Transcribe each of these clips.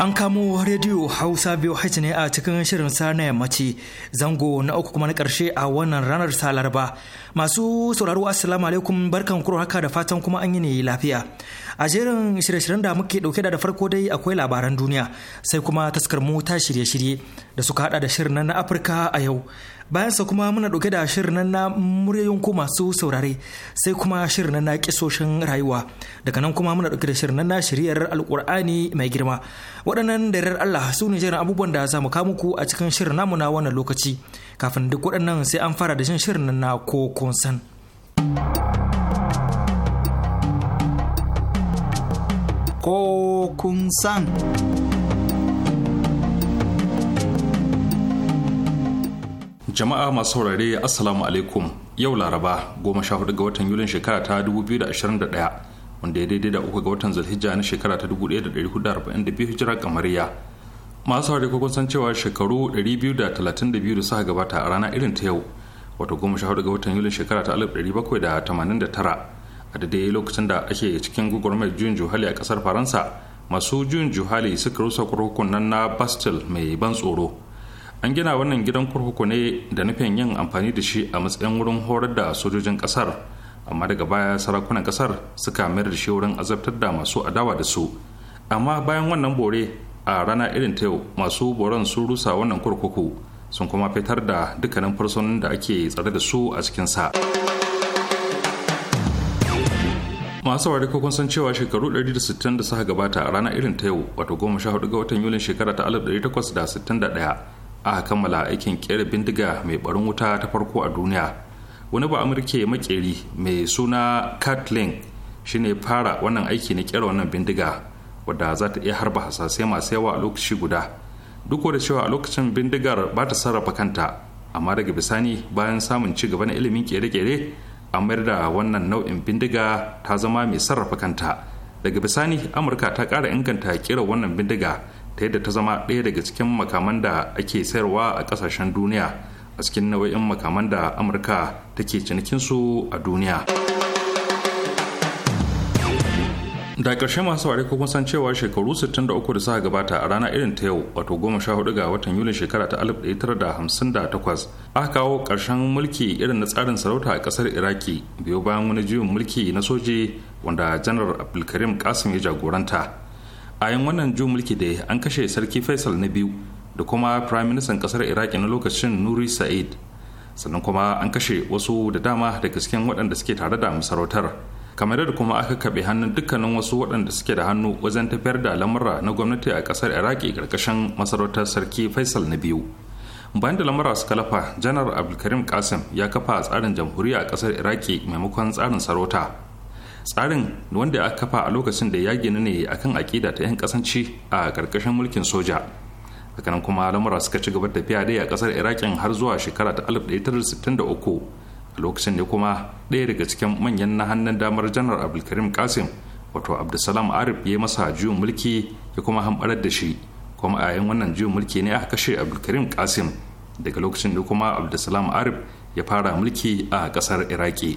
An kamo rediyo Hausa biyu haiti ne a cikin shirin sa na yammaci zango na uku kuma na ƙarshe a wannan ranar ta laraba. Masu sauraro assalamu alaikum barkan kuro haka da fatan kuma an yi ne lafiya. A jerin shirye-shiryen da muke ɗauke da farko dai akwai labaran duniya sai kuma taskar mu ta shirye-shirye da suka haɗa da shirin na Afirka a yau. bayan sa kuma muna ɗauke da shirin nan na muryoyin ku masu saurare sai kuma shirin nan na kisoshin rayuwa daga nan kuma muna ɗauke da shirin nan na shiriyar alkur'ani mai girma waɗannan da yarar Allah su ne jiran abubuwan da za mu kawo muku a cikin shirin namu na wannan lokaci kafin duk waɗannan sai an fara da shin shirin nan na ko kun Ko kun san. Jama'a masu saurare Assalamu alaikum yau Laraba goma sha hudu ga watan Yulin shekara ta 2021 wanda ya daidai da uku ga watan Zulhijja na shekara ta 1442 hijira kamariya. Masu saurare kun san cewa shekaru 232 da suka gabata a rana irin ta yau wato goma sha hudu ga watan Yulin shekara ta 1789 a daidai lokacin da ake cikin gugurmar juyin juhali a kasar Faransa masu juyin juhali suka rusa kurkukun nan na Bastille mai ban tsoro. an gina wannan gidan kurkuku ne da nufin yin amfani da shi a matsayin wurin horar da sojojin kasar amma daga baya sarakunan kasar suka mayar da shi wurin azabtar da masu adawa da su amma bayan wannan bore a rana irin ta yau masu boron sun rusa wannan kurkuku sun kuma fitar da dukkanin fursunan da ake tsare da su a cikinsa masu wari kun san cewa shekaru 160 da suka gabata a rana irin ta yau wato 14 ga watan yulin shekara ta 1861 a kammala aikin kera bindiga mai barin wuta ta farko a duniya wani ba amurke makeri mai suna kathleen shine fara wannan aiki na kera wannan bindiga wadda za ta iya harba hasasai masu yawa a lokaci guda duk da cewa a lokacin bindigar ba ta sarrafa kanta amma daga bisani bayan samun ci gaba na ilimin kere-kere an mayar da wannan nau'in bindiga ta zama mai sarrafa kanta daga bisani amurka ta ƙara inganta kera wannan bindiga ta yadda ta zama ɗaya daga cikin makaman da ake sayarwa a ƙasashen duniya a cikin nau'in makaman da amurka take cinikinsu a duniya da ƙarshe masu ware kun san cewa shekaru 63 da suka gabata a rana irin ta yau wato 14 ga watan yulin shekara ta 1958 aka kawo ƙarshen mulki irin na tsarin sarauta a ƙasar iraki biyo bayan wani juyin mulki na soji wanda janar abdulkarim kasim ya jagoranta a yin wannan jun mulki da an kashe sarki faisal na biyu da kuma prime minister kasar iraki na lokacin nuri sa'id sannan kuma an kashe wasu da dama daga cikin waɗanda suke tare da masarautar kamar da kuma aka kaɓe hannun dukkanin wasu waɗanda suke da hannu wajen tafiyar da lamura na gwamnati a ƙasar iraki ƙarƙashin masarautar sarki faisal na biyu bayan da lamura suka lafa janar abdulkarim kasim ya kafa tsarin jamhuriya a ƙasar iraki maimakon tsarin sarauta tsarin wanda aka kafa a lokacin da ya gina ne akan aƙida ta 'yan kasanci a ƙarƙashin mulkin soja hakanan kuma lamura suka ci gaba tafiya dai a ƙasar iraƙin har zuwa shekara ta 1963 a lokacin da kuma ɗaya daga cikin manyan na hannun damar janar abdulkarim kasim wato abdulsalam arif ya masa juyin mulki ya kuma hamɓarar da shi kuma a yayin wannan juyin mulki ne aka kashe abdulkarim kasim daga lokacin da kuma abdulsalam arif ya fara mulki a ƙasar iraki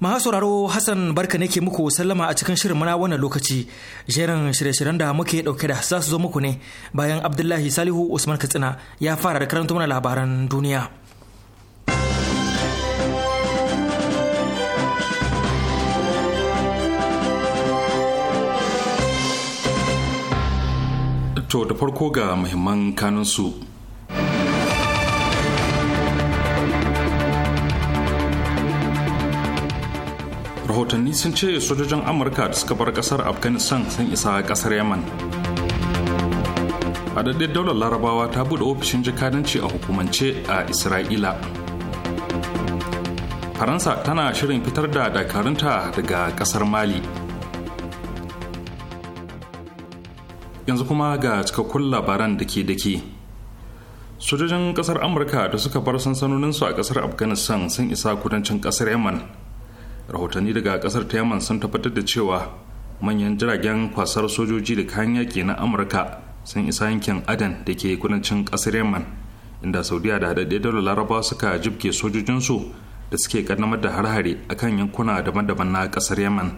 Maha sauraro Hassan barka nake muku sallama a cikin shirin mana wannan lokaci. Jerin shirye-shiryen da muke dauke da za su zo muku ne bayan Abdullahi Salihu Usman Katsina ya fara da karanta mana labaran duniya. To da farko ga muhimman kanunsu rahotanni sun ce sojojin amurka da suka bar kasar afghanistan sun isa kasar yaman a daɗe, daular larabawa ta buɗe ofishin jakadanci a hukumance a isra'ila faransa tana shirin fitar da dakarunta daga kasar mali yanzu kuma ga cikakkun labaran da ke dake sojojin kasar amurka da suka bar sansanoninsu a kasar afghanistan sun isa kudancin kasar yaman rahotanni daga kasar ta yaman sun tabbatar da cewa manyan jiragen kwasar sojoji da kayan yaƙi na amurka sun isa yankin adan da ke kudancin kasar yaman inda saudiya da haɗaɗɗe daular larabawa suka jibge sojojinsu da suke kaddamar da harhare a akan yankuna daban-daban na kasar yaman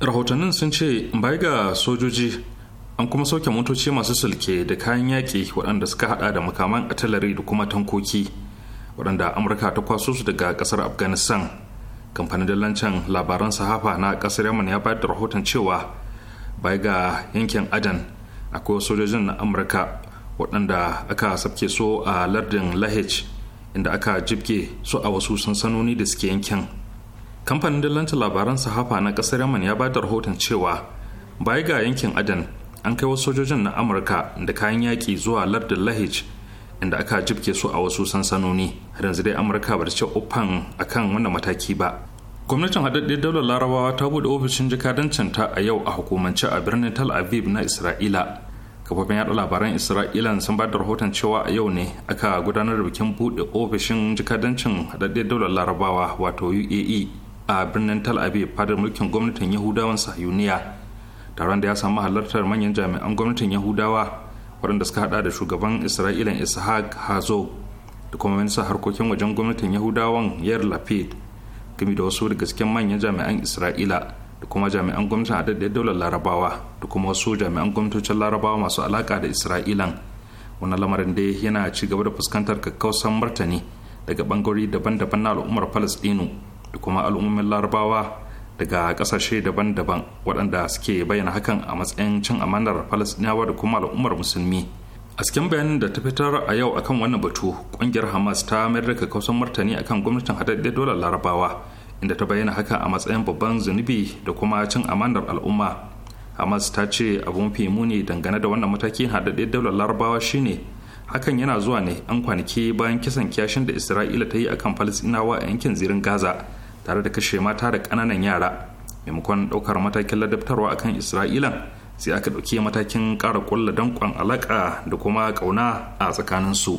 rahotannin sun ce bai ga sojoji an kuma sauke motoci masu sulke da kayan yaƙi waɗanda suka haɗa da makaman atalari da kuma tankoki waɗanda amurka ta kwaso su daga ƙasar afghanistan kamfanin dillancin labaran sahafa na kasar yaman ya bayar da rahoton cewa bai ga yankin adan akwai sojojin na amurka waɗanda aka sabke so a lardin lahej inda aka jibge su a wasu sansanoni da suke yankin kamfanin dillancin labaran sahafa na kasar yaman ya bayar da rahoton cewa bai ga yankin adan an kai wasu sojojin na amurka da kayan yaƙi zuwa lardin lahej inda aka jibke su a wasu sansanoni har yanzu dai amurka ba ta ce opan akan wannan mataki ba gwamnatin haɗaɗɗiyar daular larabawa ta buɗe ofishin ta a yau a hukumance a birnin tal aviv na isra'ila kafofin yaɗa labaran isra'ila sun ba da rahoton cewa a yau ne aka gudanar da bikin buɗe ofishin jikadancin haɗaɗɗiyar daular larabawa wato uae a birnin tal aviv fadar mulkin gwamnatin yahudawan sahiyuniya taron da ya samu halartar manyan jami'an gwamnatin yahudawa waɗanda suka hada da shugaban isra'ilan ishaq hazo da kuma minista harkokin wajen gwamnatin yahudawan yar lapid game da wasu daga cikin manyan jami'an isra'ila da kuma jami'an gwamnatin haɗaɗɗiyar daular larabawa da kuma wasu jami'an gwamnatocin larabawa masu alaka da isra'ilan wannan lamarin dai yana ci gaba da fuskantar kakkausan martani daga bangarori daban-daban na al'ummar falastinu da kuma al'ummomin larabawa daga kasashe daban-daban waɗanda suke bayyana hakan a matsayin cin amanar falasɗinawa da kuma al'ummar musulmi a cikin bayanin da ta fitar a yau akan wannan batu ƙungiyar hamas ta mayar da kakkausan martani akan gwamnatin haɗaɗɗiyar dolar larabawa inda ta bayyana haka a matsayin babban zunubi da kuma cin amanar al'umma hamas ta ce abu mafi muni dangane da wannan matakin haɗaɗɗiyar dolar larabawa shine hakan yana zuwa ne an kwanaki bayan kisan kyashin da isra'ila ta yi akan falasɗinawa a yankin zirin gaza tare da kashe mata da ƙananan yara maimakon ɗaukar matakin ladabtarwa akan isra'ila sai aka ɗauki matakin ƙara ƙulla danƙon alaƙa da kuma ƙauna a tsakanin su.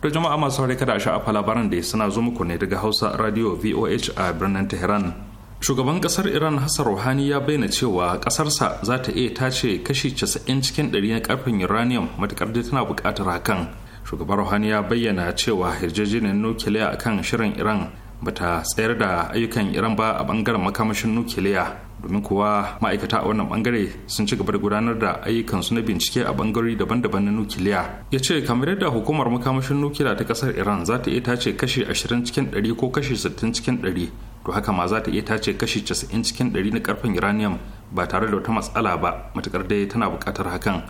da jama'a masu saurari kada a sha'afa labaran da suna zo muku ne daga hausa radio voh a birnin tehran shugaban kasar iran hassan ruhani ya bayyana cewa kasarsa za ta iya tace kashi 90 cikin 100 na karfin uranium matukar da tana bukatar hakan shugaban ruhani ya bayyana cewa yarjejeniyar nukiliya akan shirin iran bata tsayar da ayyukan iran ba a bangaren makamashin nukiliya domin kuwa ma'aikata a wannan bangare sun ci gaba da gudanar da ayyukansu na bincike a bangarori daban-daban na nukiliya ya ce kamar yadda hukumar makamashin nukiliya ta kasar iran za ta iya tace kashi 20 cikin 100 ko kashi 60 cikin 100 to haka ma za ta iya tace kashi casa'in cikin 100 na karfin uranium ba tare da wata matsala ba matukar dai tana bukatar hakan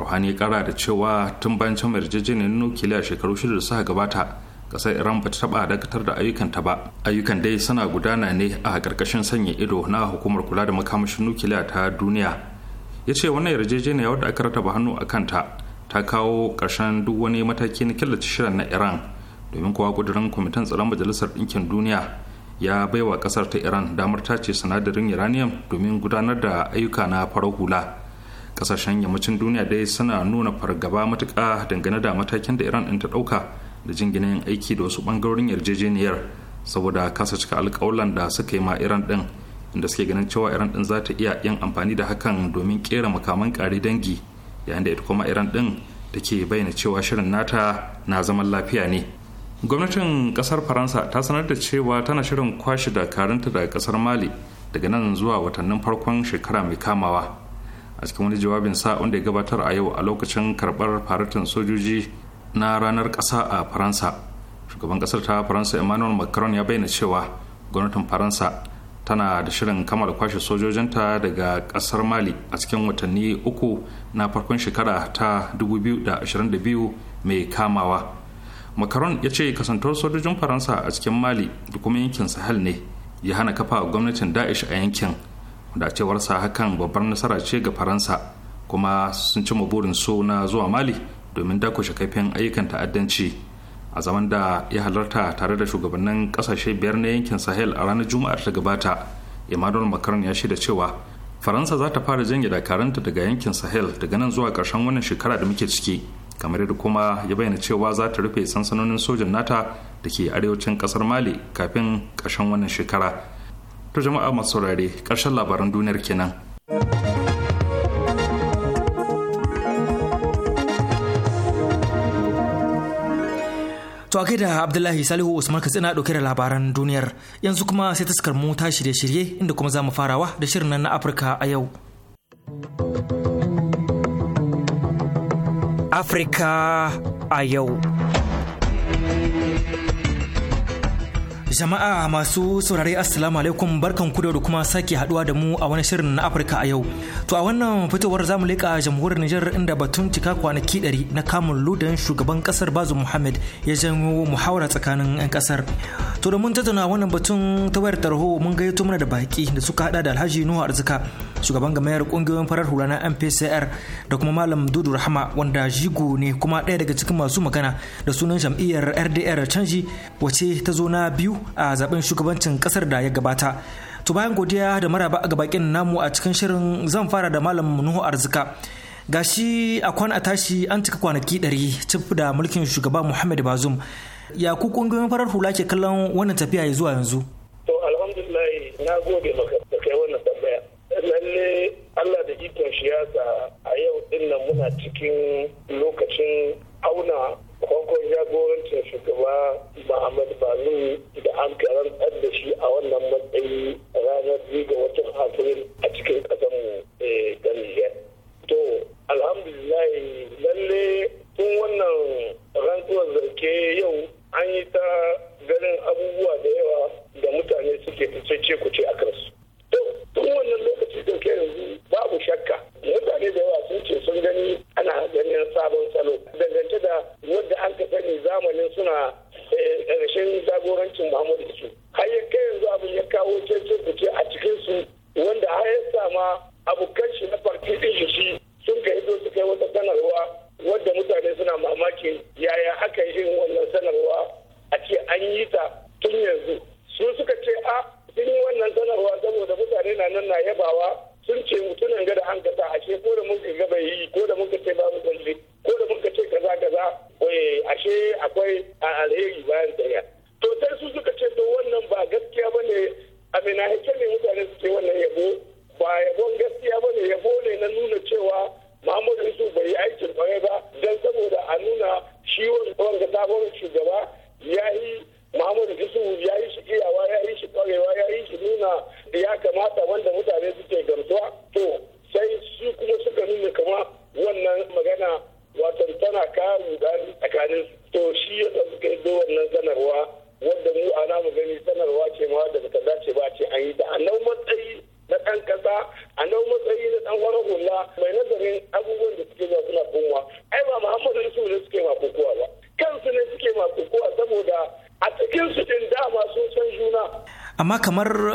ruhani kara da cewa tun bayan can yarjejeniyar nukiliya shekaru shida da suka gabata Ƙasar iran ba ta taba dakatar da ayyukanta ba ayyukan dai suna gudana ne a karkashin sanya ido na hukumar kula da makamashin nukiliya ta duniya ya ce wannan yarjejeniya wadda aka rataba hannu a kanta ta kawo ƙarshen duk wani mataki na killace shirin na iran domin kowa kudurin kwamitin tsaron majalisar ɗinkin duniya ya baiwa ƙasar ta iran damar ta ce sinadarin uranium domin gudanar da ayyuka na farar hula ƙasashen yammacin duniya dai suna nuna fargaba matuƙa dangane da matakin da iran ɗin ta ɗauka da jingina yin aiki da wasu bangarorin yarjejeniyar saboda kasa cika alkawalan da suka yi ma iran din inda suke ganin cewa iran din za ta iya yin amfani da hakan domin kera makaman kare dangi yayin da ita kuma iran din da ke bayyana cewa shirin nata na zaman lafiya ne gwamnatin kasar faransa ta sanar da cewa tana shirin kwashe dakarunta daga kasar mali daga nan zuwa watannin farkon shekara mai kamawa a cikin wani jawabin sa wanda ya gabatar a yau a lokacin karbar faratin sojoji na ranar ƙasa a faransa shugaban ƙasar ta faransa emmanuel macron ya bayyana cewa gwamnatin faransa tana da shirin kammala kwashe sojojinta daga ƙasar mali a cikin watanni uku na farkon shekara ta 2022 mai kamawa macron ya ce kasantar sojojin faransa a cikin mali da kuma yankin sahel ne ya hana kafa gwamnatin daesh a yankin da cewarsa hakan babbar nasara ce ga faransa kuma sun cima burin so na zuwa mali domin dakushe kaifin ayyukan ta'addanci a zaman da ya halarta tare da shugabannin kasashe biyar na yankin sahel a ranar juma'ar ta gabata emmanuel macron ya da cewa faransa za ta fara janye dakaranta daga yankin sahel daga nan zuwa karshen wannan shekara da muke ciki kamar yadda kuma ya bayyana cewa za ta rufe sansanonin sojan nata da ke arewacin kasar mali kafin ƙarshen wannan shekara to jama'a masu saurare ƙarshen labaran duniyar kenan. To a da Abdullahi Salihu Usman Katsina ɗauke da labaran duniyar yanzu kuma sai taskar mu ta shirye-shirye inda kuma za mu farawa da shirin nan na Afirka a yau. Afirka a yau. Jama'a masu saurare Assalamu alaikum barkan ku da kuma sake haduwa da mu a wani shirin na Afirka a yau. To a wannan fitowar zamu leƙa jamhuriyar Nijar inda batun cika kwanaki ɗari na kamun ludan shugaban kasar Bazoum Muhammad ya janyo muhawara tsakanin 'yan kasar. To da mun tattauna wannan batun ta wayar tarho mun gayyato mana da baki da suka hada da Alhaji Nuhu Arzika shugaban gamayar kungiyoyin farar hula na mpcr da kuma malam dudu rahama wanda jigo ne kuma ɗaya daga cikin masu magana da sunan jam'iyyar rdr canji wace ta zo na biyu a zaben shugabancin kasar da ya gabata to bayan godiya da maraba ga bakin namu a cikin shirin zan fara da malam nuhu arzika gashi a kwana tashi an cika kwanaki ɗari cif da mulkin shugaba muhammad bazum ya ku kungiyoyin farar hula ke kallon wannan tafiya ya zuwa yanzu na gode maka lalle Allah da ikon shi ya sa a yau dinnan muna cikin lokacin auna kwakwan jagorancin shugaba Muhammad Bazum da an karantar da shi a wannan matsayi ranar biyu ga watan Afril a cikin mu ta Nijar. To, alhamdulillah lalle tun wannan rantsuwar zarke yau an yi ta ganin abubuwa da yawa da mutane suke fice ce kuce a kansu. tun wannan lokaci dauke yanzu babu shakka mutane da yawa sun ce sun gani ana ganin sabon salo dangance da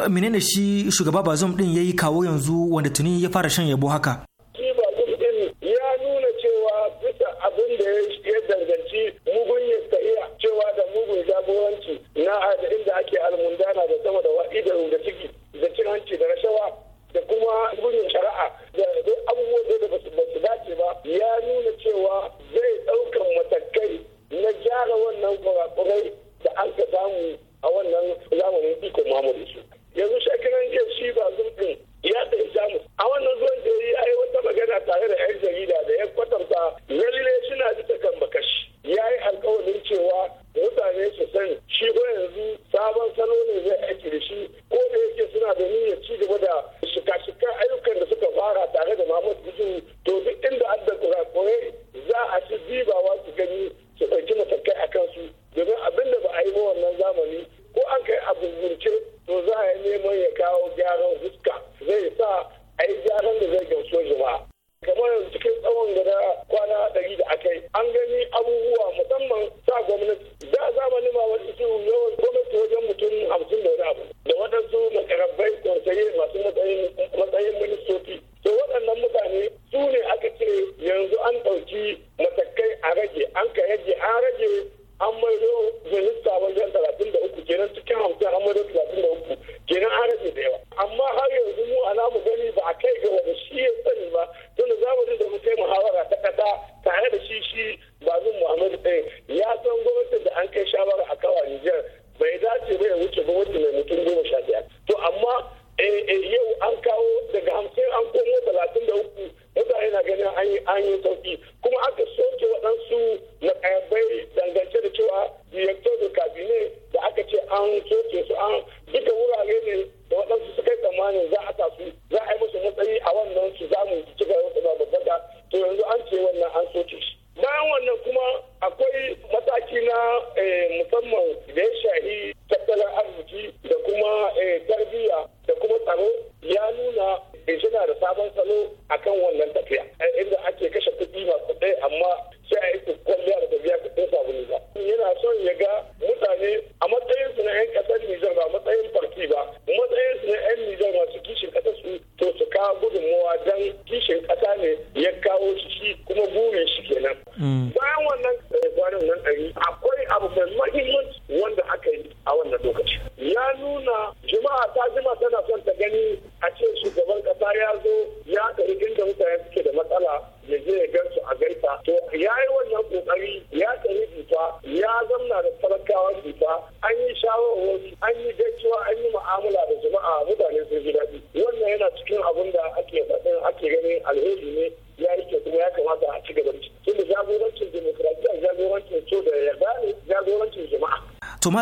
menene shi shugaba bazum din yayi kawo yanzu wanda tuni ya fara shan yabo haka nigga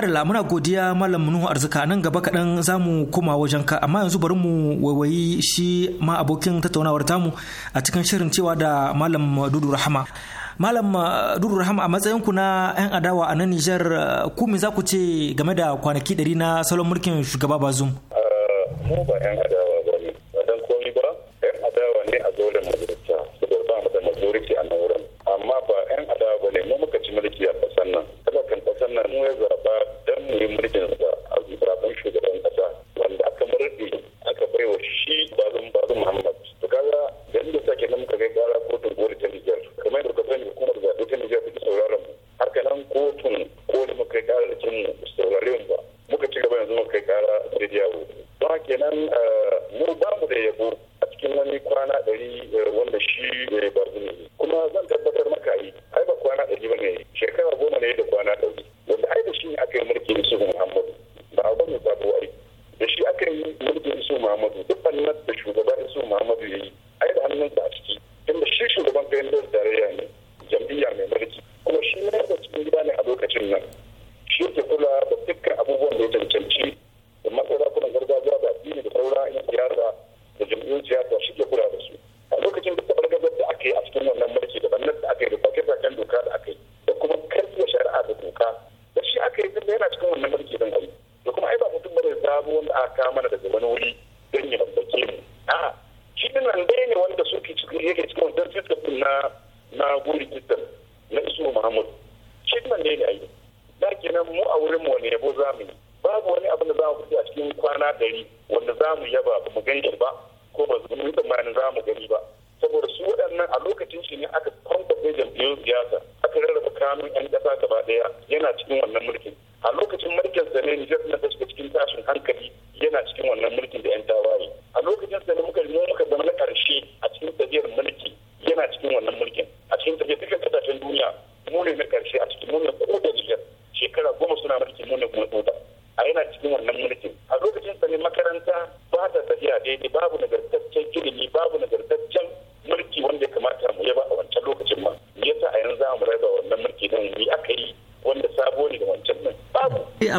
da muna godiya Malam Nuhu Arzika nan gaba kaɗan za mu koma wajen ka amma yanzu bari mu waiwayi shi ma abokin tattaunawar tamu a cikin shirin cewa da Malam Dudu Rahama. Malam uh, Dudu Rahama a matsayin ku na 'yan adawa a nan Nijar uh, ku me za ku ce game da kwanaki ɗari na salon mulkin shugaba Bazum? sallar da shugaba isu muhammadu ya yi ai da da a ciki tunda shi shugaban kayan tarayya ne jam'iyya mai mulki kuma shi ne da cikin gida ne a lokacin nan shi ke kula da dukkan abubuwan da ya cancanci da kuma gargajiya da addini da sauran yan siyasa da jam'iyyun siyasa shi ke kula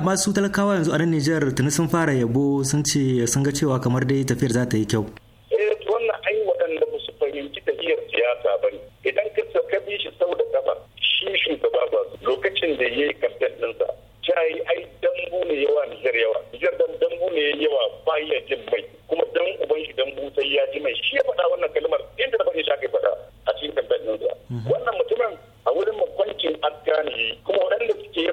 amma talakawa yanzu a nan Nijar tuni sun fara yabo sun ce sun ga cewa kamar dai tafiyar za yi kyau. Eh wannan ai waɗanda ba su fahimci tafiyar siyasa bani. Idan ka ka bi shi sau da kafa shi shugaba ba lokacin da ya yi kamfen ɗinsa. Jayi ai dambu ne yawa Nijar yawa. Nijar dan dambu ne yawa baya ya jin mai. Kuma dan uban shi dambu sai ya ji mai. Shi ya faɗa wannan kalmar inda na faɗi shi aka faɗa a cikin kamfen ɗinsa. Mhm. Wannan mutumin a wurin makwancin aska ne kuma waɗanda suke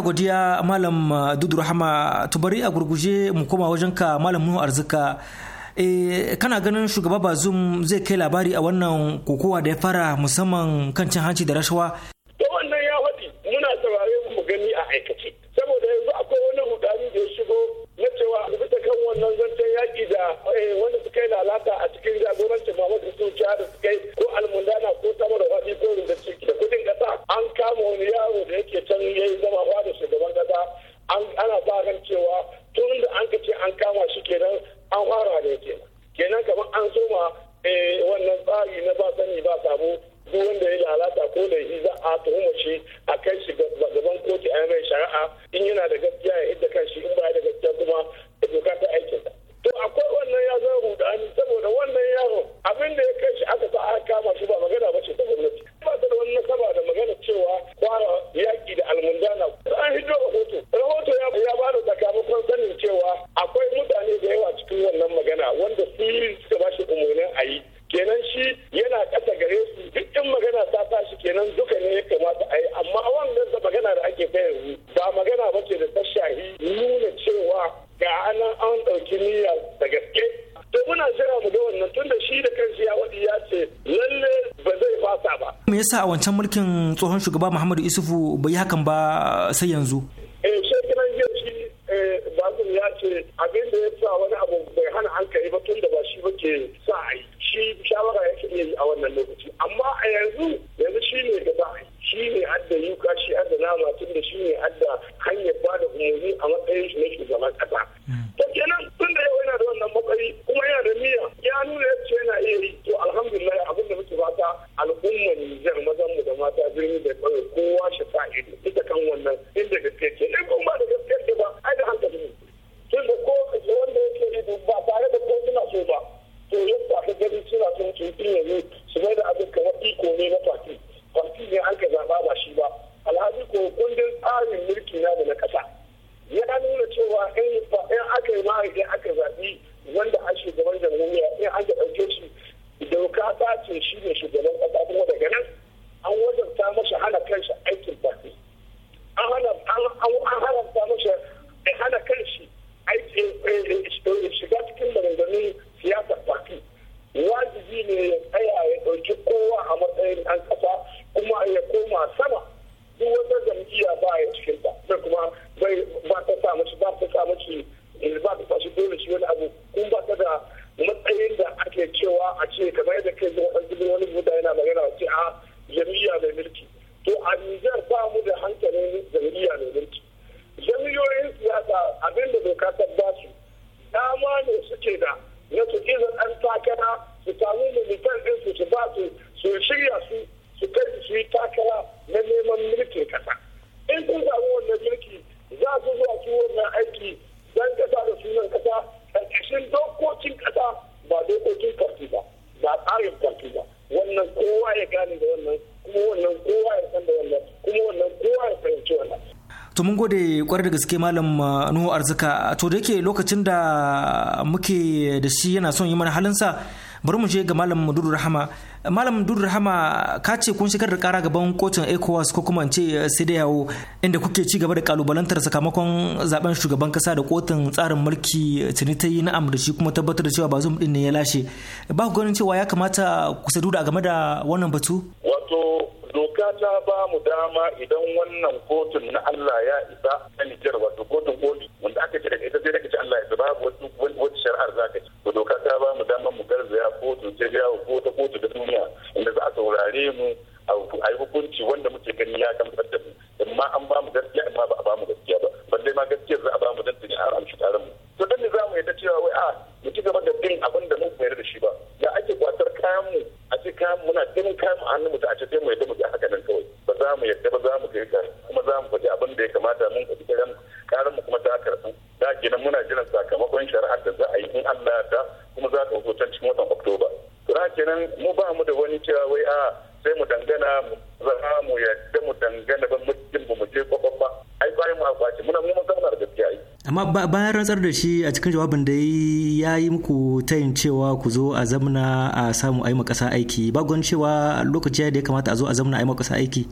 muna godiya malam eh, dudu rahama tubari a gurguje mu koma wajen ka malam nuhu arzika e, kana ganin shugaba bazum zai kai labari a wannan kokowa da ya fara musamman kan cin hanci da rashawa a tuhumar shi a kai shi gaban kotu a mai shari'a in yana da yasa a wancan mulkin tsohon shugaba Muhammadu Isufu bai hakan ba sai yanzu da gaske malam uh, nuhu arzika to da yake lokacin da muke da shi yana son yi mana halinsa bari mu je ga malam dudu rahama malam dudu rahama ka ce kun shigar da kara gaban kotun ecowas ko kuma ce uh, sai da yawo inda kuke ci gaba da kalubalantar sakamakon zaben shugaban kasa da kotun tsarin mulki tuni uh, ta yi na'am da shi kuma tabbatar da cewa ba zum din ne ya lashe ba ku ganin cewa ya kamata ku sadu da game da wannan batu wato doka ta ba mu dama idan wannan kotun na Allah ya isa hujjar wato kotun koli wanda aka ce daga ita sai daga ci Allah ya zaba wani shari'ar za ka ci to doka ta ba mu damar mu garzaya kotu ta jawo ko ta kotu da duniya inda za a saurare mu a yi hukunci wanda muke gani ya kan da mu amma an ba mu gaskiya amma ba a ba mu gaskiya ba balle ma gaskiyar za a ba mu dan tuni an amshi taron mu to dan ne za mu yadda cewa wai a ah, mu ci gaba da bin abin da mu bayar da shi ba ya ake kwatar kayan mu a ce kayan muna ganin kayan mu hannun mu ta a ce sai mu yadda mu ga haka nan kawai ba za mu yadda ba za mu kai ka kuma za mu faɗi abin da ya kamata mun amma bayan rantsar da shi a cikin jawabin da ya yi muku tayin cewa ku zo a zamna a samu aima ƙasa aiki bagon cewa lokaci da ya kamata a zo a zamna a aima kasa aiki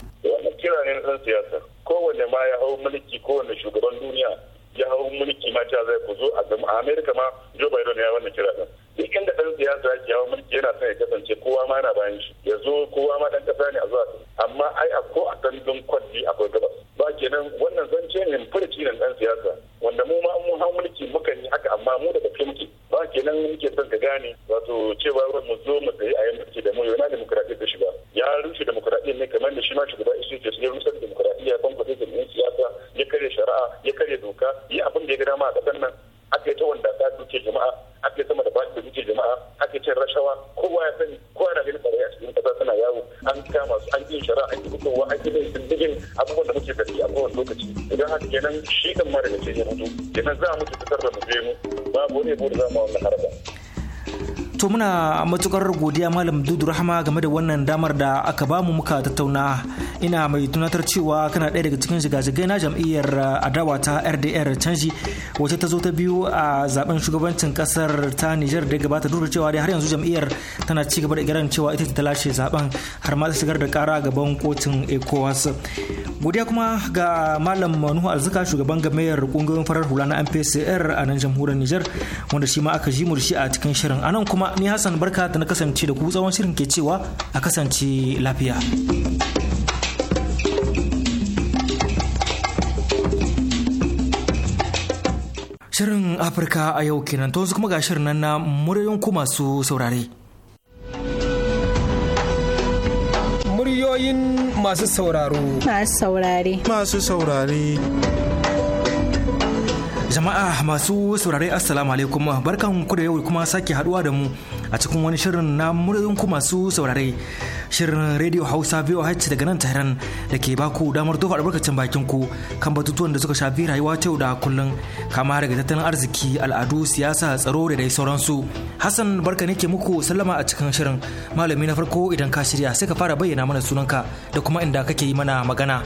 kenan to muna matukar godiya malam dudu rahama game da wannan damar da aka ba mu muka tattauna ina mai tunatar cewa kana ɗaya daga cikin shiga na jam'iyyar uh, adawa ta rdr canji wacce ta zo ta biyu a zaben shugabancin kasar ta niger da gabata duk da cewa dai har yanzu jam'iyyar tana ci gaba da kiran cewa ita ta lashe zaben har ma ta shigar da kara gaban kotun ecowas godiya kuma ga malam manuhu arzika shugaban gamayar kungiyoyin farar hula na mpcr a nan jamhuriyar niger wanda shi ma aka ji mu shi a cikin shirin anan kuma ni hassan barka ta na kasance da ku tsawon shirin ke cewa a kasance lafiya Shirin Afirka a yau kenan to kuma ga shirin nan na muryoyin ku masu saurare. Muryoyin masu sauraro. Masu saurare. Masu saurare. Jama'a masu saurare Assalamu alaikum barkan ku da yau kuma sake haduwa da mu a cikin wani shirin na muryoyin ku masu saurare shirin radio hausa voh daga nan tehran da ke baku damar tofa albarkacin bakin ku kan batutuwan da suka shafi rayuwa ta da kullum kama daga tattalin arziki al'adu siyasa tsaro da dai sauransu hassan barka ne ke muku sallama a cikin shirin malami na farko idan ka shirya sai ka fara bayyana mana sunanka da kuma inda kake yi mana magana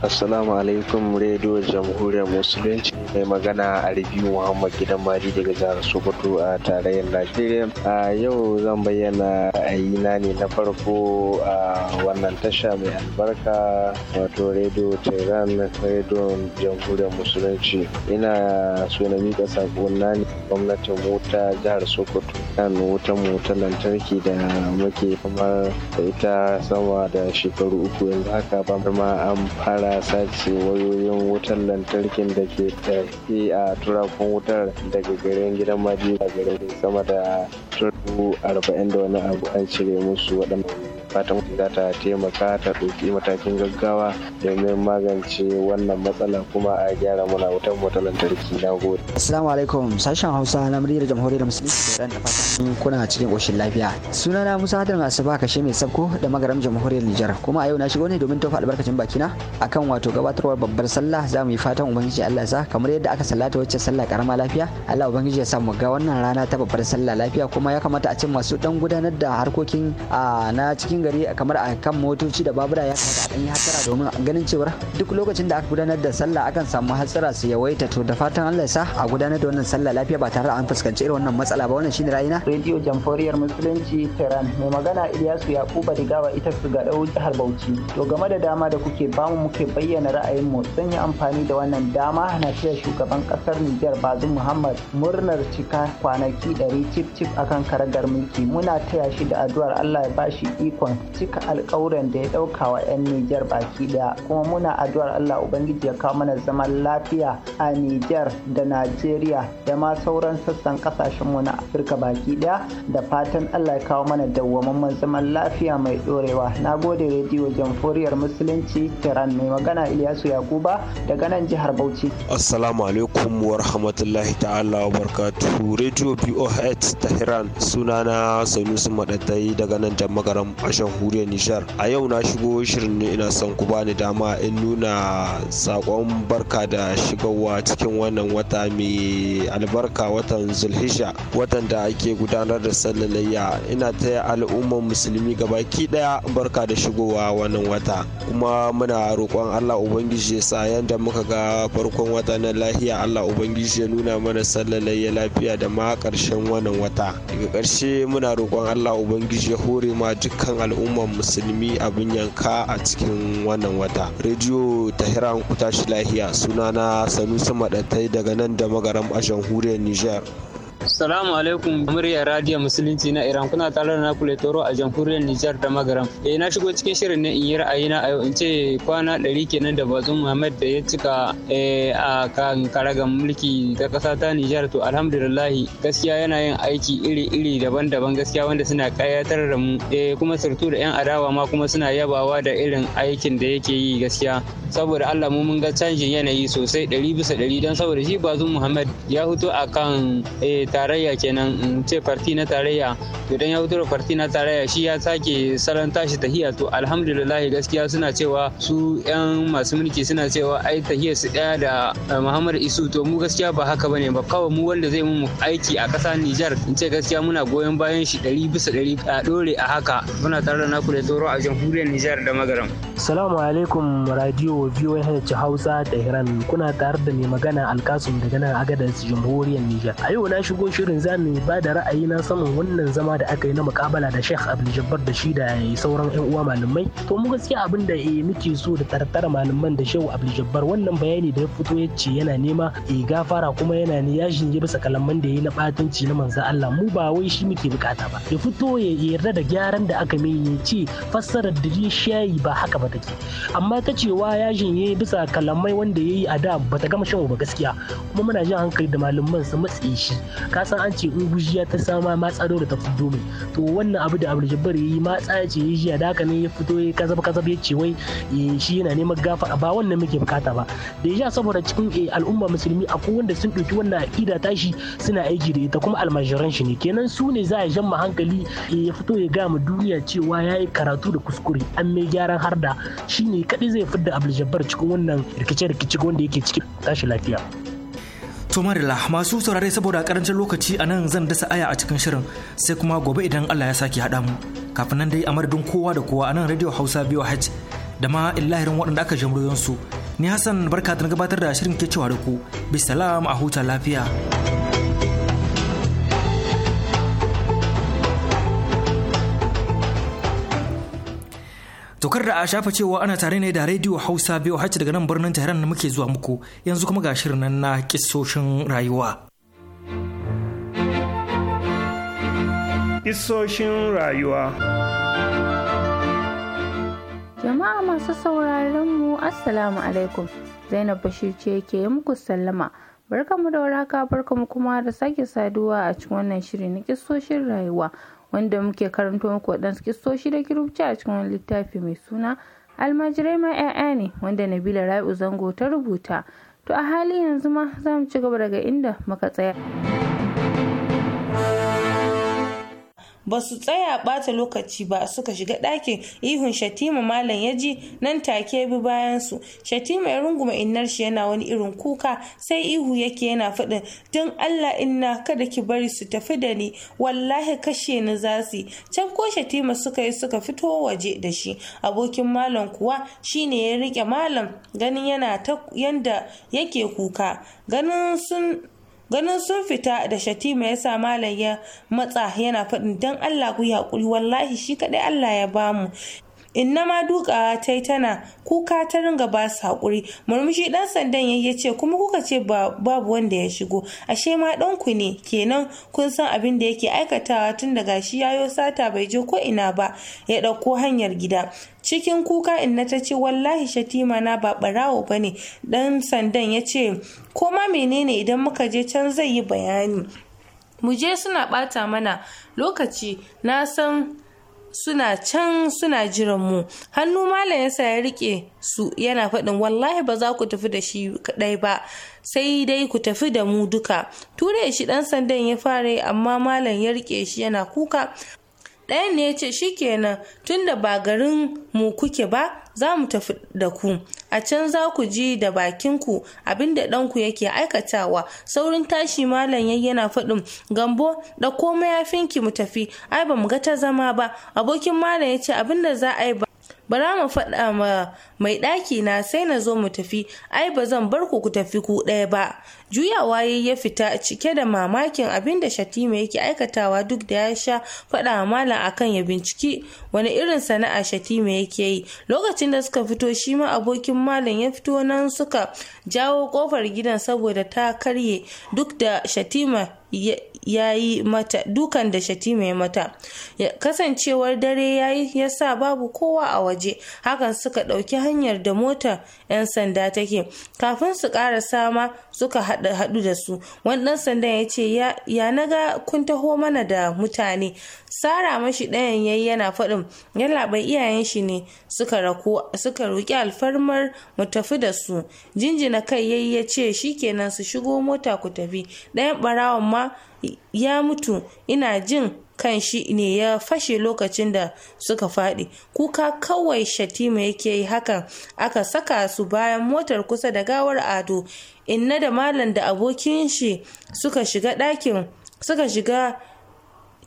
Assalamu alaikum rediyo Jamhuriyar Musulunci mai magana a Rabiu Muhammad Gidan Mari daga jihar Sokoto a tarayyar Najeriya. A yau zan bayyana ayina ne na farko a wannan tasha mai albarka wato Radio Tehran Radio Jamhuriyar Musulunci. Ina so na mika sakonna ne gwamnatin mota jihar Sokoto kan wutan mota lantarki da muke kamar da ita sama da shekaru uku yanzu haka ba ma an fara sace wayoyin wutar lantarkin da ke tafi a turakun wutar daga garin gidan madi a garin sama da turu arba'in da wani abu an cire musu waɗannan fatan za ta taimaka ta ɗauki matakin gaggawa domin magance wannan matsala kuma a gyara mana wutan wutar lantarki na gode. Assalamu alaikum sashen Hausa na muryar jamhuriyar musulunci da da fatan kuna cikin ƙoshin lafiya. Sunana Musa Hadar Asuba kashe mai sabko da magaram jamhuriyar Nijar kuma a yau na shigo ne domin tofa albarkacin bakina akan wato gabatarwar babbar sallah za mu yi fatan ubangiji Allah sa kamar yadda aka sallata wacce sallah karama lafiya Allah ubangiji ya sa mu ga wannan rana ta babbar sallah lafiya kuma ya kamata a ce masu dan gudanar da harkokin na cikin cikin gari kamar a kan motoci da babura ya kamata a ɗan yi hatsara domin ganin cewa. duk lokacin da aka gudanar da sallah akan samu hatsara su yawaita to da fatan Allah ya sa a gudanar da wannan sallah lafiya ba tare da an fuskanci irin wannan matsala ba wannan shine ra'ayina. Radio jamforiyar Musulunci Tehran mai magana Ilyasu Yakuba rigawa ita su ga jihar Bauchi. To game da dama da kuke bamu muke bayyana ra'ayin mu sun yi amfani da wannan dama na cewa shugaban kasar niger Bazum Muhammad murnar cika kwanaki 100 cif cif akan karagar mulki muna taya shi da addu'ar Allah ya bashi ikon ikon cika alkawuran da ya ɗauka wa 'yan Nijar baki daya kuma muna addu'ar Allah Ubangiji ya kawo mana zaman lafiya a Nijar da Najeriya da ma sauran sassan mu na Afirka baki daya da fatan Allah ya kawo mana dawwamamman zaman lafiya mai ɗorewa. Na gode rediyo Jamhuriyar musulunci Tiran mai magana Ilyasu Yakuba daga nan jihar Bauchi. Assalamu alaikum wa rahmatullahi ta'ala wa barakatuhu. Radio BOH Tehran sunana Sanusi Madatai daga nan jama'aran jamhuriyar Nijar. A yau na shigo shirin ne ina son ku bani dama in nuna sakon barka da shigarwa cikin wannan wata mai albarka watan Zulhisha watan da ake gudanar da sallalayya ina taya al'ummar musulmi gabaki daya barka da shigowa wannan wata kuma muna roƙon Allah ubangiji sa yanda muka ga farkon wata na lahiya Allah ubangiji ya nuna mana sallalayya lafiya da ma karshen wannan wata daga karshe muna roƙon Allah ubangiji ya hore ma dukkan al'ummar musulmi abin yanka a cikin wannan wata rediyo tahiran ku shi lahiya sunana sanusi maɗatai daga nan da magaram a jamhuriyar Nijar. Salamu alaikum murya Radio Musulunci na Iran kuna tare da Nakule Toro a jamhuriyar Nijar da Magaram. Eh na shigo cikin shirin ne in yi ra'ayi na, yau in ce kwana ɗari kenan da bazun Muhammad da ya cika eh, a kan karagan mulki ta ƙasa ta Nijar to alhamdulillah gaskiya yana yin aiki iri-iri daban-daban gaskiya wanda suna ƙayatar da mu eh kuma surtu da 'yan adawa ma kuma suna yabawa da irin aikin da yake yi gaskiya saboda Allah mu mun ga canjin yanayi sosai ɗari bisa ɗari don saboda shi bazun Muhammad ya fito akan eh tarayya kenan in ce farti na tarayya to dan ya fito da farti na tarayya shi ya sake salon tashi tahiya to alhamdulillah gaskiya suna cewa su yan masu mulki suna cewa ai tahiyar su daya da eh, Muhammad Isu to mu gaskiya ba haka bane ba kawai mu wanda zai mu aiki a ƙasar Nijar in ce gaskiya muna goyon bayan shi ɗari bisa a dore a haka muna tare da naku da tsoro a jamhuriyar Nijar da Magaram. Assalamu alaikum radio VOH Hausa da Iran kuna tare da mai magana Alkasum daga nan Agadez jamhuriyar Nijar. A yau na shigo shigo shirin za mu ba da ra'ayi na saman wannan zama da aka yi na mukabala da Sheikh Abdul da shi da sauran 'yan uwa malamai. To mu gaskiya abin da eh, muke so da tartara malaman da Shehu Abdul wannan bayani da ya fito ya ce yana nema e gafara kuma yana ne ya shinge bisa kalaman da ya yi na batanci na manzo Allah mu ba wai shi muke bukata ba. Ya fito ya yarda da gyaran da aka mai ya ce fassarar da shayi ba haka ba take. Amma ta cewa ya shinge bisa kalamai wanda yayi yi a da bata gama shan ba gaskiya kuma muna jin hankali da malaman su matse shi ka san an ce in gujiya ta sama ma tsaro da ta fito mai to wannan abu da abu ya yi ma tsaya ce ya jiya da haka ne ya fito ya kazab kasab ya ce wai eh, shi yana neman gafara ba wannan muke bukata ba da ya saboda cikin eh, al'umma musulmi akwai wanda sun ɗauki wannan aƙida tashi suna aiki da ita kuma almajiran shi ne kenan su ne za a jan ma hankali eh, ya fito ya gama duniya cewa ya yi karatu da kuskure an mai gyaran harda shi ne kaɗai zai fidda jabbar cikin wannan rikice-rikice wanda yake cikin tashi lafiya. To masu saurare saboda karancin lokaci a nan zan dasa aya a cikin shirin sai kuma gobe idan Allah ya sake haɗa mu kafin nan dai a madadin kowa da kowa a nan Radio Hausa biyu hajj da ma illahirin waɗanda aka jamuriyar su. Ni Hassan barka da gabatar da shirin ke cewa da ku bisalam a huta lafiya. To da a shafa cewa ana tare ne da Radio Hausa biyu hacci daga nan birnin Tehran da muke zuwa muku yanzu kuma ga shirin nan na kissoshin rayuwa. Kissoshin rayuwa. Jama'a masu sauraron mu Assalamu alaikum. Zainab Bashir ce ke muku sallama. Barkamu da warhaka barkamu kuma da sake saduwa a cikin wannan shiri na kissoshin rayuwa. wanda muke karanto muku waɗansu kistoshi da kirubci a cikin wani littafi mai suna almajirai ma 'ya'ya ne wanda nabila rai'u zango ta rubuta to a hali yanzu ma za mu ci gaba daga inda muka tsaya. ba su tsaya bata lokaci ba suka shiga ɗakin ihun shatima malam ya ji nan take bi bayan su shatima ya runguma innar shi yana wani irin kuka sai ihu yake yana faɗin don allah inna kada ki bari su tafi da ni wallahi kashe ni za su can ko shatima suka yi suka fito waje da shi abokin malam kuwa shine ya rike malam ganin yana ta yanda yake kuka ganin sun ganin sun fita da shati ya yasa malam ya matsa yana faɗin dan allah ku yi haƙuri wallahi shi kaɗai allah ya bamu inna ma dukawa ta yi tana kuka ta ringa ba su haƙuri murmushi ɗan sandan ya ce kuma kuka ce babu wanda ya shigo ashe ma ku ne kenan kun san abin da yake aikatawa tun daga shi yayo sata bai je ko ina ba ya ɗauko hanyar gida cikin kuka inna ta ce wallahi shatima na ba ɓarawo ba ne ɗan sandan ya ce ko ma menene idan muka je can zai yi bayani mu je suna ɓata mana lokaci na san suna can suna jiran mu hannu malam yasa ya rike su yana faɗin wallahi ba za ku tafi da shi kaɗai ba sai dai ku tafi da mu duka ture shi ɗan sandan ya fara amma malam ya rike shi yana kuka ɗayan ne ya ce shikenan tunda ba garin mu kuke ba za mu tafi da ku a can za ku ji da bakinku abinda ɗanku yake aikatawa saurin tashi malam yayi yana faɗin gambo da komai ya finki mu tafi ai ba mu ga ta zama ba abokin malam ya ce abinda za a yi ba bara mu faɗa ma mai ɗaki na sai na zo mu tafi ai ba zan bar ku ku tafi ku ɗaya ba juyawa ya fita cike da mamakin abin da shatima yake aikatawa duk da ya sha faɗa malam akan ya binciki wani irin sana'a shatima yake yi lokacin da suka fito shi ma abokin malam ya fito nan suka jawo kofar gidan saboda ta karye duk da shatima ya yi mata dukan da shatima ya mata kasancewar dare ya yi ya sa babu kowa a waje hakan suka ɗauki hanyar da mota 'yan sanda take kafin su ƙara sama suka haɗu da su wani ɗan sandan ya ce ya na ga kun taho mana da mutane sara mashi ɗayan yayi yana faɗin bai iyayen shi ne suka roƙi alfarmar mu tafi da su jinjina kai yayi ya ce shikenan su shigo mota ku tafi ɗayan ɓarawon ma ya mutu ina jin kan shi ne ya fashe lokacin da suka faɗi kuka kawai shatima yake yi hakan aka saka su bayan motar kusa da gawar ado inna da malam da abokin shi suka shiga ɗakin suka shiga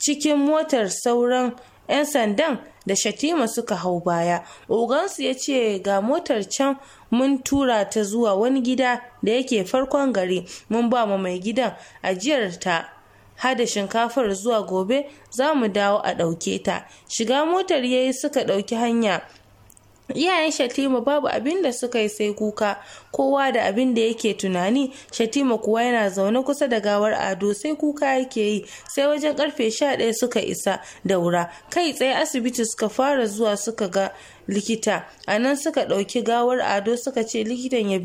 cikin motar sauran 'yan sandan da shatima suka hau baya ogansu ya ce ga motar can mun tura ta zuwa wani gida da yake farkon gari mun ba mu mai gidan ajiyar ta hada shinkafar zuwa gobe za mu dawo a ɗauke ta shiga motar yayi suka ɗauki hanya iyayen shatima babu abin da suka yi sai kuka kowa da abin da yake tunani shatima kuwa yana zaune kusa da gawar ado sai kuka yake yi sai wajen karfe sha ɗaya suka isa daura kai tsaye asibiti suka fara zuwa suka ga likita a nan suka ɗauki gawar ado suka ce likitan ya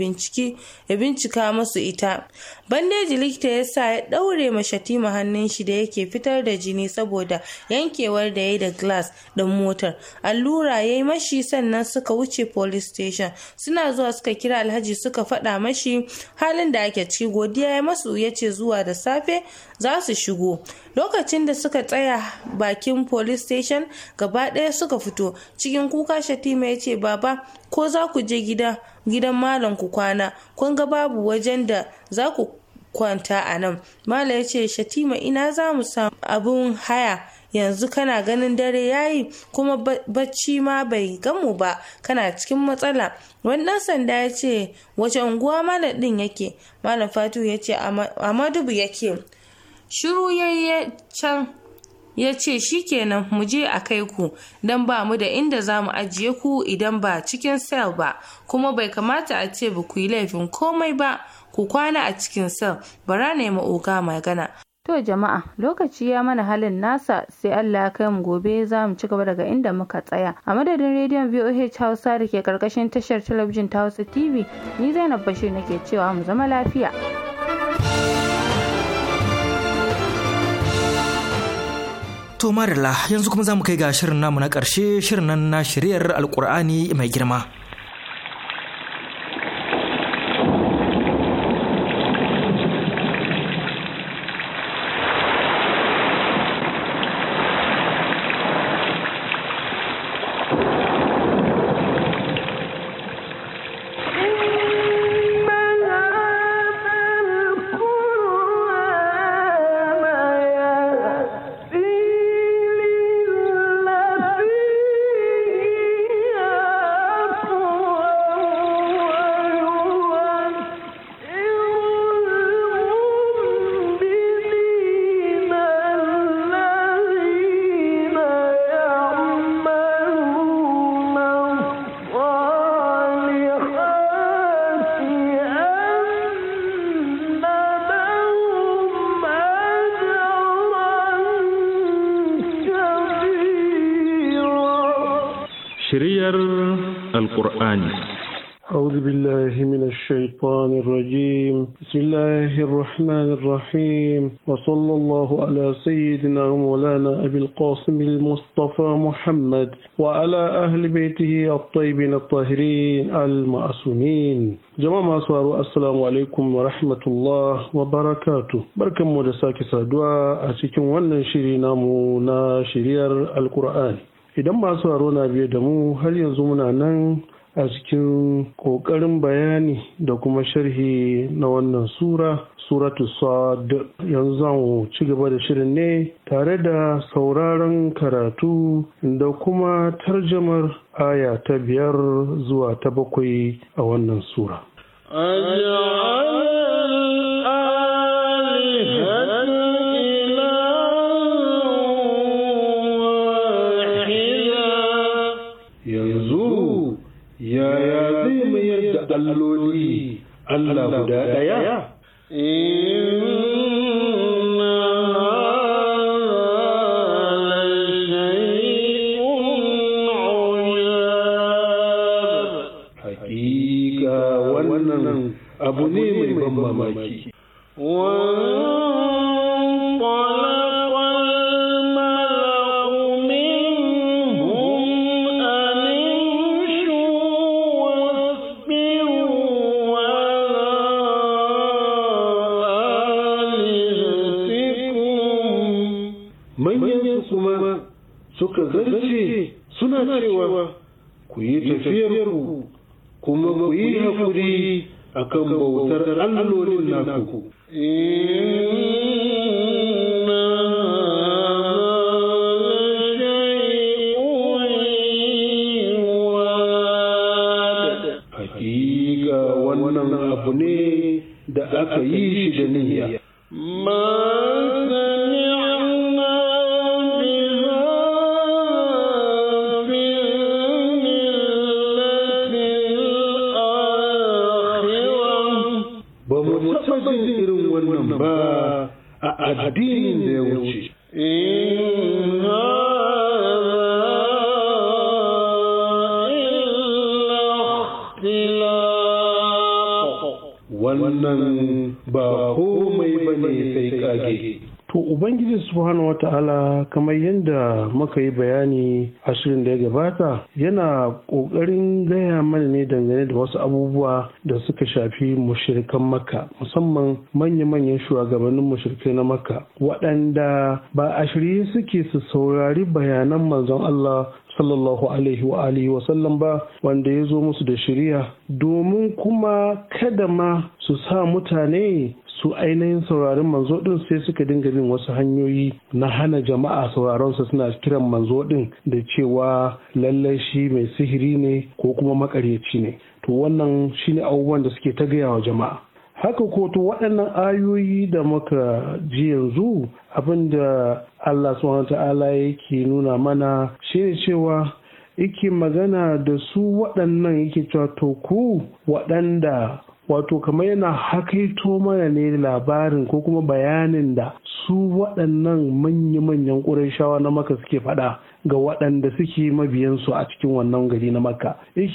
ya bincika masu ita bandeji likita ya sa ya ɗaure ma shatima hannun shi da yake fitar da jini saboda yankewar da ya da glass ɗin motar allura ya yi mashi sannan suka wuce police station suna zuwa suka kira alhaji suka faɗa mashi halin da ake ci godiya ya masu ya ce zuwa da safe za su shigo lokacin da suka tsaya bakin police station gaba ɗaya suka fito cikin kuka shatima ya ce baba ko za ku je gida gidan malam ku kwana kun ga babu wajen da za ku kwanta a nan malam ya ce shatima ina za mu samu abun haya yanzu kana ganin dare yayi kuma bacci ma bai gamu ba kana cikin matsala wani dan sanda ya ce wace unguwa mana din yake malam fatu ya ce a madubu yake shiru ya can ya ce shikenan mu je a kai ku don ba mu da inda za mu ajiye ku idan ba cikin sel ba kuma bai kamata a ce ba ku yi laifin komai ba ku kwana a cikin sel bara na yi ma oga magana To jama'a lokaci ya mana halin nasa sai Allah ya kai mu gobe za mu ci gaba daga inda muka tsaya. A madadin rediyon VOH Hausa da ke karkashin tashar talabijin ta Hausa TV ni Zainab Bashir nake cewa mu zama lafiya. To marilla yanzu kuma za mu kai ga shirin namu na ƙarshe shirin nan na shiryar Alƙur'ani mai girma. الرحيم وصلى الله على سيدنا مولانا أبي القاسم المصطفى محمد وعلى أهل بيته الطيبين الطاهرين المعصومين jama'a masu waro assalamu alaikum wa rahmatullah wa barakatu mu da sake saduwa a cikin wannan shiri namu na shiriyar alkur'ani idan masu waro na biye da mu har yanzu muna nan a cikin ƙoƙarin bayani da kuma sharhi na wannan sura suratu sad yanzu zan ci gaba da shirin ne tare da sauraron karatu da kuma tarjamar aya ta biyar zuwa ta bakwai a wannan sura. alloli Allah guda ɗaya? wannan abu ne mai ban mamaki. tafiyarku kuma ku yi haƙuri akan bautar allolin naku. Hakika wannan abu ne da aka yi ba komai ba ne sai kage To Ubangiji Subhanahu wa ta'ala kamar yadda muka yi bayani a shirin da ya gabata yana ƙoƙarin gaya mana ne dangane da wasu abubuwa da suka shafi mushirikan maka musamman manya-manyan shugabannin mushirikai na maka waɗanda ba a shirye suke su saurari bayanan manzon Allah sallallahu alaihi wa alihi wa sallam ba wanda ya zo musu da shari'a domin kuma kada ma su sa mutane su ainihin saurarin manzo din sai suka dinga bin wasu hanyoyi na hana jama'a sauraron sa suna kiran manzo din da cewa lallai shi mai sihiri ne ko kuma makaryaci ne to wannan shine abubuwan da suke ta gaya wa jama'a haka ko to waɗannan ayoyi da muka ji yanzu abinda Allah subhanahu ta'ala yake nuna mana shi cewa yake magana da su waɗannan yake cewa to ku waɗanda wato kamar yana hakaito mana ne labarin ko kuma bayanin da su waɗannan manya-manyan ƙurashawa na maka suke faɗa ga waɗanda suke mabiyansu a cikin wannan gari na makka eh,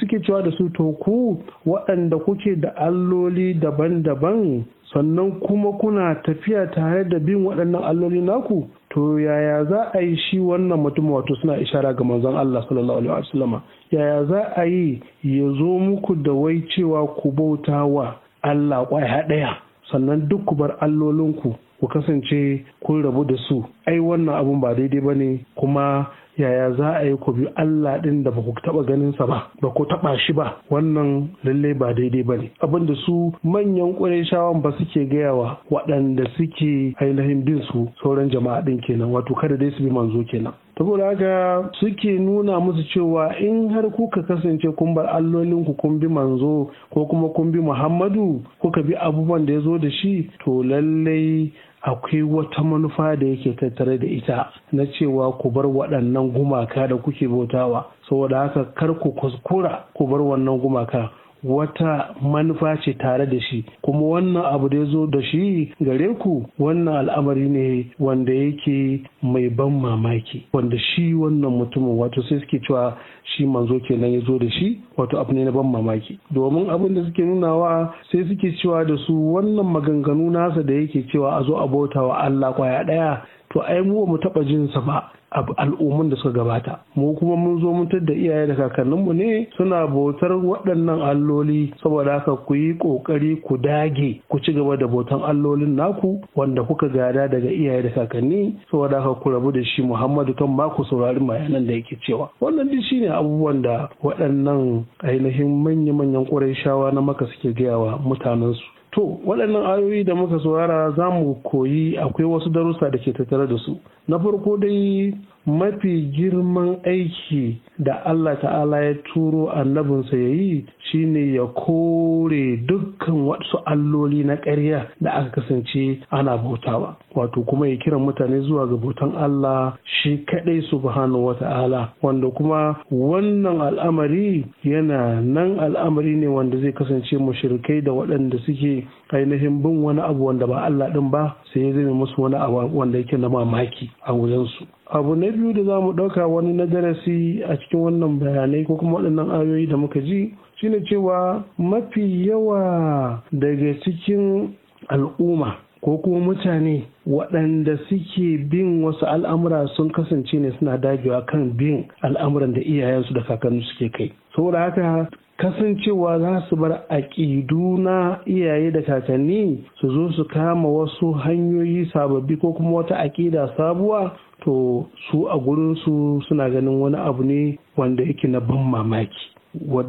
suke cewa da su to ku waɗanda kuke da alloli daban-daban sannan kuma kuna tafiya tare da bin waɗannan alloli naku to yaya za a yi shi wannan mutum wato suna ishara ga manzon Allah sallallahu yaya za a yi ya zo muku da wai cewa ku bauta wa Allah kwaya ɗaya sannan duk ku bar allolinku ku kasance kun rabu da su ai wannan abun ba daidai ba ne kuma yaya za a yi ku bi Allah ɗin da ba ku taɓa ganinsa ba ba ku taɓa shi ba wannan lalle ba daidai ba ne da su manyan shawan ba suke gayawa waɗanda suke ainihin bin su sauran jama'a ɗin kenan wato kada dai su bi manzo kenan saboda haka suke nuna musu cewa in har kuka kasance kun bar allolin ku kun bi manzo ko kuma kun bi muhammadu kuka bi abubuwan da ya zo da shi to lallai akwai wata manufa da yake tattare da ita na cewa ku bar waɗannan gumaka da kuke bautawa saboda haka kar ku kuskura ku bar wannan gumaka wata manufa ce tare da shi kuma wannan abu da ya zo da shi gare ku wannan al'amari ne wanda yake mai ban mamaki wanda shi wannan mutumin wato sai suke cewa shi manzo kenan ya zo da shi wato abu ne na ban mamaki domin abin da suke nunawa sai suke cewa da su wannan maganganu nasa da yake cewa a zo a bauta wa Allah kwaya ɗaya to ai mu ba mu taɓa jinsa ba al'ummun da suka gabata mu kuma mun zo mun da iyaye da kakanninmu ne suna bautar waɗannan alloli saboda haka ku yi ƙoƙari ku dage ku ci gaba da bautan allolin naku wanda kuka gada daga iyaye da kakanni saboda haka ku rabu da shi Muhammadu kan ma ku saurari mayanan da yake cewa wannan duk shine abubuwan da waɗannan ainihin manya-manyan ƙwarai shawa na maka suke gaya wa mutanensu To, waɗannan ayoyi da muka saurara za mu koyi akwai wasu darussa da ke tattare da su. Na farko dai mafi girman aiki da Allah ta'ala ya turo annabinsa ya yi shine ya kore dukkan wasu alloli na ƙarya da aka kasance ana bautawa wato kuma ya kiran mutane zuwa ga bautan Allah shi kaɗai subhanahu ta'ala, wanda kuma wannan al'amari yana nan al'amari ne wanda zai kasance mushrikai da waɗanda suke ainihin bin wani abu wanda ba Allah ɗin ba sai ya zame musu wani abu wanda yake na mamaki a wajensu. abu na biyu da za mu ɗauka wani na darasi a cikin wannan bayanai ko kuma waɗannan ayoyi da muka ji shine cewa mafi yawa daga cikin al'umma ko kuma mutane waɗanda suke bin wasu al'amura sun kasance ne suna dagewa kan bin al'amuran da iyayensu da kakanni suke kai saboda haka kasancewa za su bar aƙidu na iyaye da kakanni su zo su kama wasu hanyoyi sababbi ko kuma wata aƙida sabuwa to su a gurinsu suna ganin wani abu ne wanda yake na ban mamaki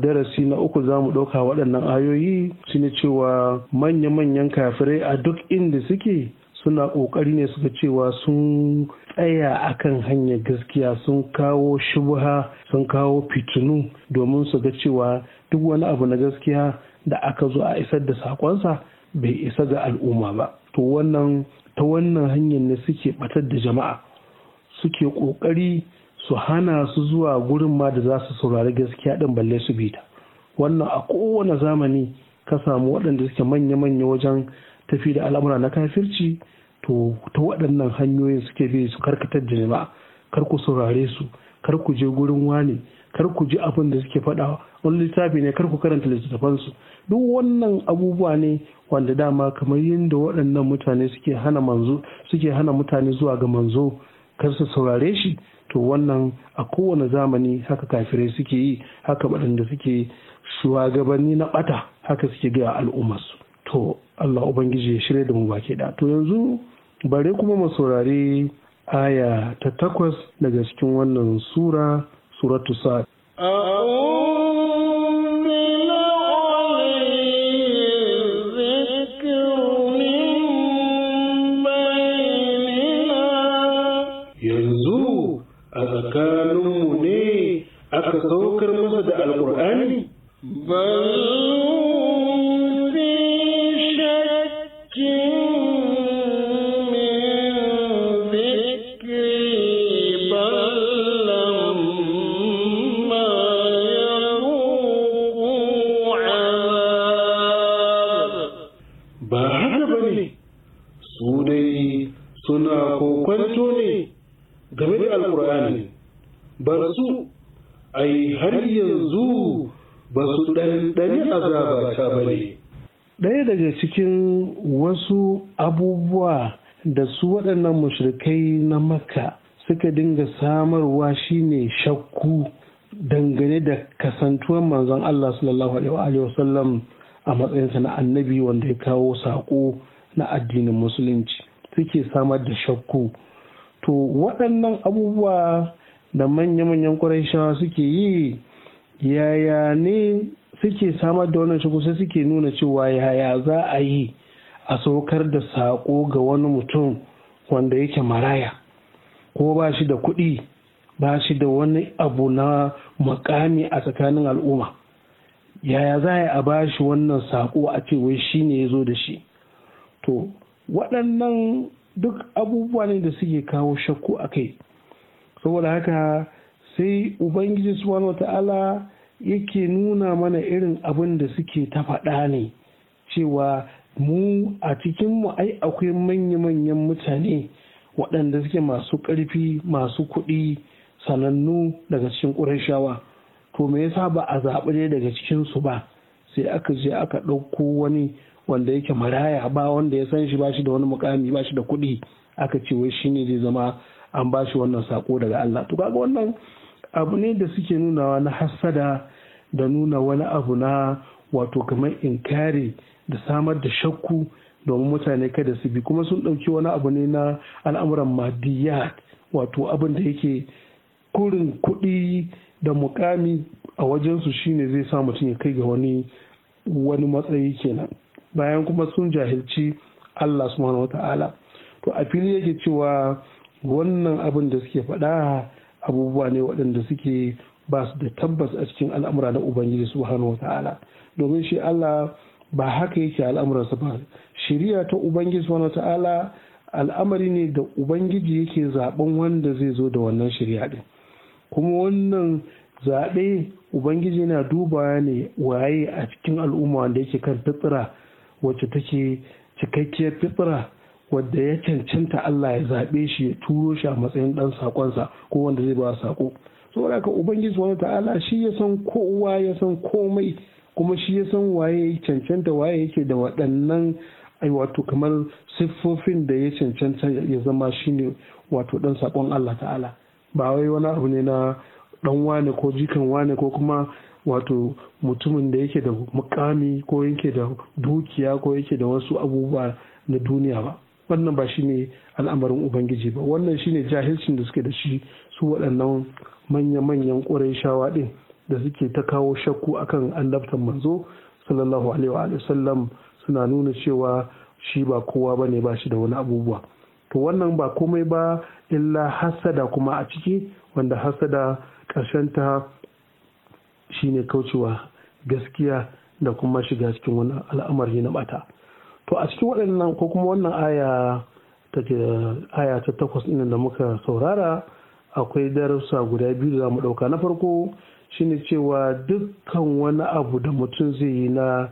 darasi na uku za mu ɗauka waɗannan ayoyi su ne cewa manya-manyan kafirai a duk inda suke suna ƙoƙari ne suka cewa sun tsaya a kan hanyar gaskiya sun kawo shubha sun kawo fitinu domin su ga cewa duk wani abu na gaskiya da aka zo a isar da sakonsa bai isa ga al'umma ba to wannan ta wannan hanyar ne suke batar da jama'a suke ƙoƙari su hana su zuwa gurin ma da za su saurari gaskiya ɗin balle su bi ta wannan a kowane zamani ka samu waɗanda suke manya-manya wajen tafi da al'amura na kafirci to ta waɗannan hanyoyin suke bi su karkatar da jama'a kar ku saurare su kar ku je gurin wani kar ku ji abin da suke faɗa wani littafi ne kar ku karanta littattafansu duk wannan abubuwa ne wanda dama kamar yadda waɗannan mutane suke hana manzo suke hana mutane zuwa ga manzo kar su saurare shi to wannan a kowane zamani haka kafirai suke yi haka waɗanda suke shugabanni na ɓata haka suke gaya al'ummarsu to Allah Ubangiji ya shirya da mu baki da to yanzu bare kuma mu saurari aya ta takwas daga cikin wannan sura suratu sa salam a matsayinsa na annabi wanda ya kawo saƙo na addinin musulunci suke samar da shakku to waɗannan abubuwa da manya-manyan ƙwarai suke yi yaya ne suke samar da wannan shakku sai suke nuna cewa yaya za a yi a saukar da saƙo ga wani mutum wanda yake maraya ko ba shi da kuɗi ba shi da wani abu na makami a tsakanin al'umma yaya za a ba shi wannan saƙo a ce wai shi ne ya zo da shi to waɗannan duk abubuwa ne da suke kawo shakku a kai saboda haka sai ubangiji subhanahu wata'ala yake nuna mana irin abin da suke ta faɗa ne cewa mu a cikinmu ai akwai manya-manyan mutane waɗanda suke masu ƙarfi masu kuɗi sanannu daga cikin ƙurashawa. shawa to me yasa ba a zaɓi ne daga cikin su ba sai aka je aka ɗauko wani wanda yake maraya ba wanda ya san shi ba shi da wani mukami ba shi da kuɗi aka ce wai shine zai zama an ba shi wannan sako daga Allah to kaga wannan abu ne da suke nunawa na hassada da nuna wani abu na wato kamar inkari da samar da shakku domin mutane kada su bi kuma sun ɗauki wani abu ne na al'amuran madiyat wato abin da yake kurin kuɗi da mukami a wajensu shine zai sa mutum ya kai ga wani wani matsayi kenan bayan kuma sun jahilci Allah subhanahu wata'ala to a fili yake cewa wannan abin da suke faɗa abubuwa ne waɗanda suke ba su da tabbas a cikin al'amura na ubangiji subhanahu wata'ala domin shi Allah ba haka yake al'amuransa ba shari'a ta ubangiji subhanahu wata'ala al'amari ne da ubangiji yake zaben wanda zai zo da wannan shari'a din kuma wannan zaɓe ubangiji na duba ne waye a cikin al'umma wanda yake kan fitsira wacce take cikakkiyar fitsira wadda ya cancanta Allah ya zaɓe shi ya turo shi a matsayin ɗan saƙonsa ko wanda zai ba saƙo saboda ka ubangiji wani ta'ala shi ya san kowa ya san komai kuma shi ya san waye cancanta waye yake da waɗannan ai wato kamar siffofin da ya cancanta ya zama shine wato ɗan saƙon Allah ta'ala ba wai wani abu ne na dan wane ko jikan wane ko kuma wato mutumin da yake da mukami ko yake da dukiya ko yake da wasu abubuwa na duniya ba wannan ba shi ne al'amarin ubangiji ba wannan shi ne jahilcin da suke da shi su waɗannan manya-manyan shawa ɗin da suke ta kawo shakku akan annabtan manzo sallallahu alaihi wa sallam suna nuna cewa shi ba kowa ba ne ba shi da wani abubuwa to wannan ba komai ba illa hassada kuma a ciki wanda hasada ƙarshenta shine kaucewa gaskiya da kuma shiga cikin wani al'amari na bata to a cikin waɗannan ko kuma wannan aya ta takwas ɗin da muka saurara akwai darussa guda biyu da za mu ɗauka na farko shine cewa dukkan wani abu da mutum zai yi na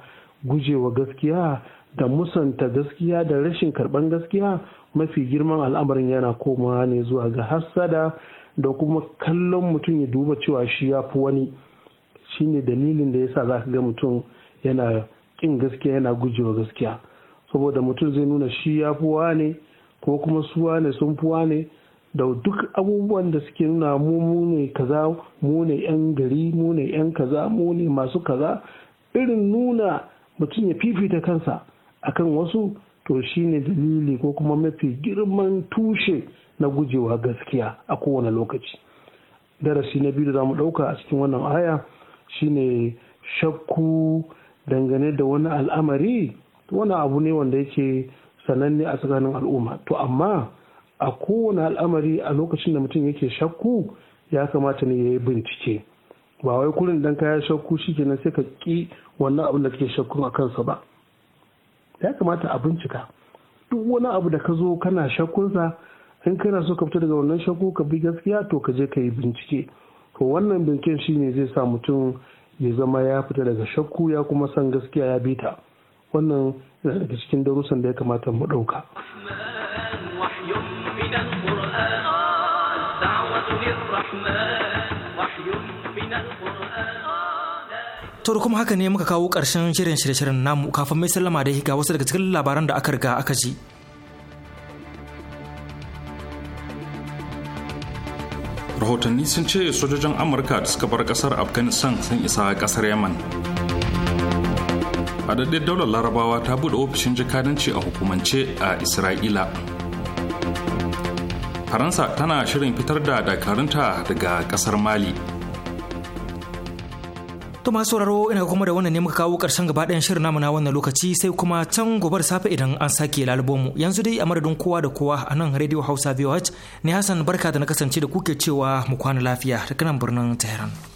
gujewa gaskiya da musanta gaskiya da rashin karban gaskiya mafi girman al'amarin yana koma ne zuwa ga hassada da kuma kallon mutum ya duba cewa shi ya fi wani shine dalilin da yasa za ka ga mutum yana kin gaskiya yana gujewa gaskiya saboda mutum zai nuna shi ya fi wane ko kuma su wane sun fi wane da duk abubuwan da suke nuna mu mu ne kaza mu ne yan gari mu ne yan kaza mu ne masu kaza irin nuna mutum ya fifita kansa akan wasu to shi ne dalili ko kuma mafi girman tushe na gujewa gaskiya a kowane lokaci darasi na biyu da zamu ɗauka a cikin wannan aya shine shakku dangane da wani al'amari wani abu ne wanda yake sananne a tsakanin al'umma to amma a kowane al'amari a lokacin da mutum yake shakku ya kamata ne ya yi bincike ba wai kurin dan kaya shakku shikenan sai ka ki wannan abin da kake shakku a kansa ba ya kamata a bincika duk wani abu da ka zo kana shakkunsa in kana so ka fita daga wannan shakku ka bi gaskiya to ka je ka yi bincike to wannan binciken shine zai sa mutum ya zama ya fita daga shakku ya kuma san gaskiya ya bita ta wannan yana daga cikin darussan da ya kamata mu ɗauka. To kuma haka ne muka kawo ƙarshen shirin shirye-shiryen namu kafin mai sallama da ga wasu daga cikin labaran da aka riga aka ji. Rahotanni sun ce sojojin Amurka da suka bar ƙasar Afghanistan sun isa ƙasar Yaman. Haɗaɗɗen daular Larabawa ta buɗe ofishin jikadanci a hukumance a Isra'ila. Faransa tana shirin fitar da dakarunta daga ƙasar Mali. To masu sauraro ina kuma da wannan ne muka kawo ƙarshen gaba ɗayan shirin namu na wannan lokaci sai kuma can gobar safe idan an sake lalubo mu. Yanzu dai a madadin kowa da kowa a nan Radio Hausa VOH ne Hassan barka da na kasance da kuke cewa mu kwana lafiya daga nan birnin Tehran.